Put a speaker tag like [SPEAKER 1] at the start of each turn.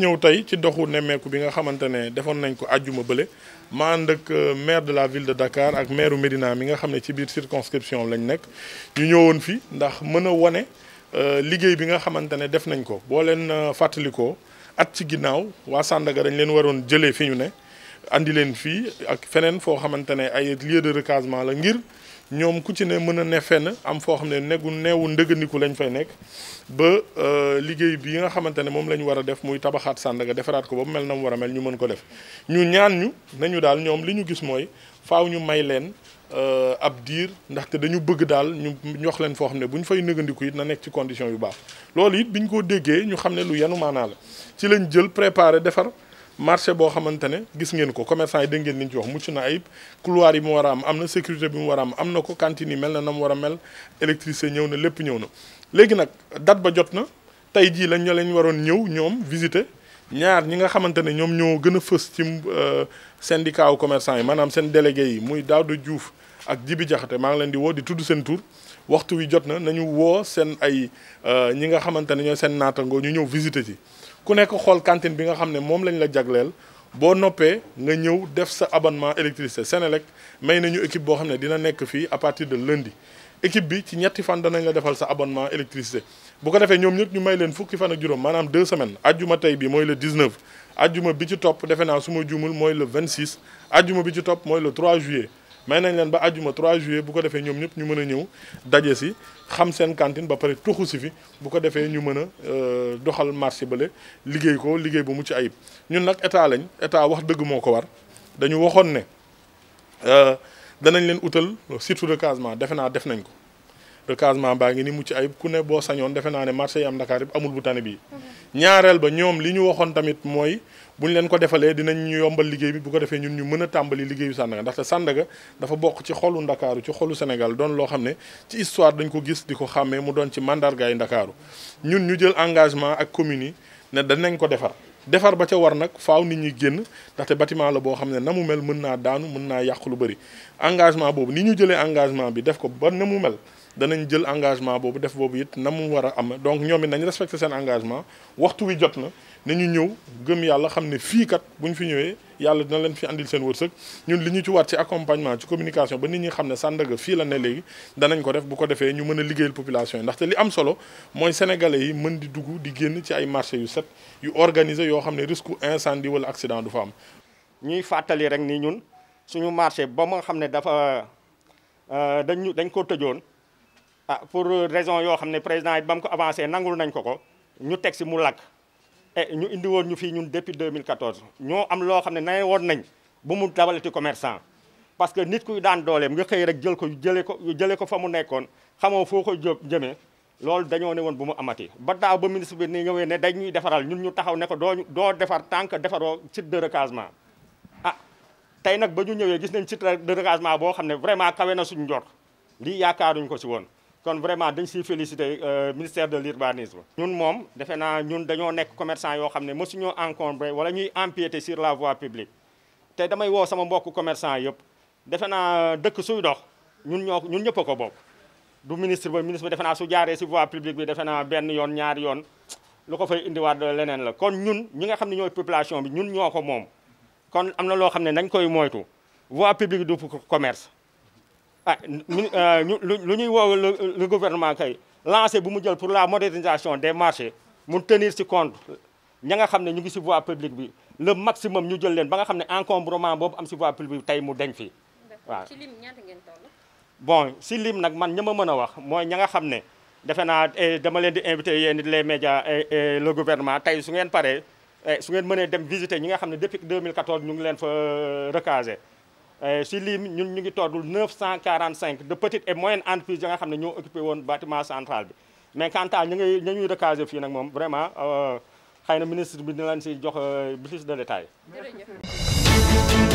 [SPEAKER 1] ñëw tey ci doxu nemmeeku bi nga xamante ne defoon nañ ko àjjuma bële ma ànd ak euh, maire de la ville de dacar ak maire Médina mi nga xam ne ci biir circonscription lañ nekk ñu ñëwoon fi ndax mën a wane euh, liggéey bi nga xamante ne def nañ ko boo leen euh, fàttalikoo at ci ginnaaw waa Sandaga dañ leen waroon jëlee fi ñu ne andi leen fii ak feneen foo xamante ne ay lieu de recasement la ngir ñoom ku ci ne mën a ne fenn am foo xam ne negu neewu ndëgëniku lañu fay nekk ba euh, liggéey bi nga xamante ne moom la ñu war a def muy tabaxaat Sandaga defaraat ko ba mu mel na mu war mel ñu mën ko def ñu ñaan ñu nañu daal ñoom li ñu gis mooy faaw ñu may leen euh, ab diir ndaxte dañu bëgg daal ñu jox leen foo xam ne bu ñu fay nëgëndiku yi na nekk ci condition yu baax loolu it bi ñu ko déggee ñu xam ne lu yanu maanaa la ci lañ jël préparé defar marché boo xamante ne gis ngeen ko commerçant yi dégg ngeen li ñu ci wax mucc na ayib couloir yi mu war a am am na sécurité bi mu war a am am na ko cantine yi mel na na mu war a mel électricité ñëw na lépp ñëw na. léegi nag date ba jot na tey jii lañ ñu leen waroon ñëw ñoom visiter ñaar ñi nga xamante ne ñoom ñoo gën a fës ci euh, syndicat wu commerçant yi maanaam seen délégué yi muy Daouda Diouf ak Jibi Jaxate maa ngi leen di woo di tudd seen waxtu wi jot na nañu woo seen ay euh, ñi nga xamante ne ñooy seen naatangoo ñu ñëw visiter ci ku nekk xool cantine bi nga xam ne moom lañ la jagleel boo noppee nga ñëw def sa abonnement électricité Sénélec may nañu équipe boo xam ne dina nekk fii à partir de lundi équipe bi ci ñetti fan danañ la defal sa abonnement électricité bu ko defee ñoom ñëpp ñu may leen fukki fan ak juróom maanaam deux semaines ajjuma tey bi mooy le 19 ajjuma bi ci topp defe naa suma ma juumul mooy le 26 ajjuma bi ci topp mooy le 3 juillet may nañ leen ba àjjuma 3 juillet bu ko defee ñoom ñëpp ñu mën a ñëw daje si xam seen cantine ba pare tuxu si fi bu ko defee ñu mën a euh, doxal marché bële liggéey ko liggéey bu mucc ayib ñun nag état lañ état wax dëgg moo ko war dañu waxoon ne euh, danañ leen utal surtout recasement defe naa def nañ ko recasement baa ngi ni mucc ayib ku ne boo sañoon defe naa ne marché yi am Dakar yëpp amul bu tane bii mhm. ñaareel ba ñoom li ñu waxoon tamit mooy bu ñu leen ko defalee dinañ ñu yombal liggéey bi bu ko defee ñun ñu mën a tàmbali liggéeyu Sandaga ndaxte Sandaga dafa bokk ci xolu Ndakaaru ci xolu Sénégal doon loo xam ne ci histoire dañ ko gis di ko xàmmee mu doon ci mandargaay Ndakaaru ñun ñu jël engagement ak communes yi ne danañ ko defar defar ba ca war nag faaw nit ñi génn ndaxte bâtiment la boo xam ne na mu mel mën naa daanu mën naa yàq lu bëri engagement boobu ni ñu jëlee engagement bi def ko ba na mu danañ jël engagement boobu def boobu it na mu war a am donc ñoom it nañ respecté seen engagement waxtu wi jot na na ñu ñëw gëm yàlla xam ne fii kat bu ñu fi ñëwee yàlla dina leen fi andil seen wërsëg ñun li ñu ci war ci accompagnement ci communication ba nit ñi xam ne Sandaga fii la ne léegi danañ ko def bu ko defee ñu mën a liggéeyal population yi ndaxte li am solo mooy sénégalais yi mën di dugg di génn ci ay marché yu set yu organisé yoo xam ne risque incendie wala accident du am. ñuy fàttali rek ni ñun suñu marché ba nga xam ne dafa euh, dañ dañ ko
[SPEAKER 2] tëjoon. ah pour raison yo xamné président it ba ko avancé nangul nañ ko ko ñu tek ci mu làkk e eh, ñu indi woon ñu fi ñun depuis 2014 ñoo am lo xamné ne nee woon nañ bu mu tabalati commerçant parce que nit kuy daan dooleem nga xey rek jël ko jëlé ko jëlé ko famu nekkon xamoo foo jëmé jë jëmee loolu dañoo ne woon bu mu amati ba daaw ba ministre bi ni ñëwee ne dañuy defaral ñun ñu taxaw ne ko do doo defar tant que defaroo de recasement ah tay nak ba ñu ñëwee gis nañ ci de recasement boo xam vraiment kawé na suñu njort li yaakaaruñ ko ci woon kon vraiment dañ féliciter euh, ministère de l'urbanisme Nous, moom defe ñun dañoo nekk sur la voie publique te damay woo sama mbokk commerçant yëpp defe naa euh, dëkk suy dox ñun ñun du ministre ministre bi su voie publique bi defe benn yoon yoon lu ko fay population bi ñun ñoo ko kon voie publique du commerce ah euh, lu ñuy woow le gouvernement kay lancé bu mu jël pour la modernisation des marchés mu tenir ci compte ña nga xam ñu ngi ci voie publique bi le maximum ñu jël leen ba nga xam encombrement boobu am ci voie publique bi mu deñ fii waaw ci lim ñaata ngeen toll bon ci lim nak man ñama mëna wax moy ñinga xamné défé na eh, dama leen di inviter yéen les médias et le gouvernement tay su ngeen paré eh, su ngeen mëne dem visiter ñinga xamné depuis 2014 ñu ngi leen fa euh, recaser ci eh, lim ñun 945 de petite et moyenne entreprise yi nga xam ne ñoo occupé woon bâtiment central bi mais quant à ñu ngi ñu ñuy recaser fii vraiment euh, xëy ministre bi dina leen si jox euh,
[SPEAKER 1] détails.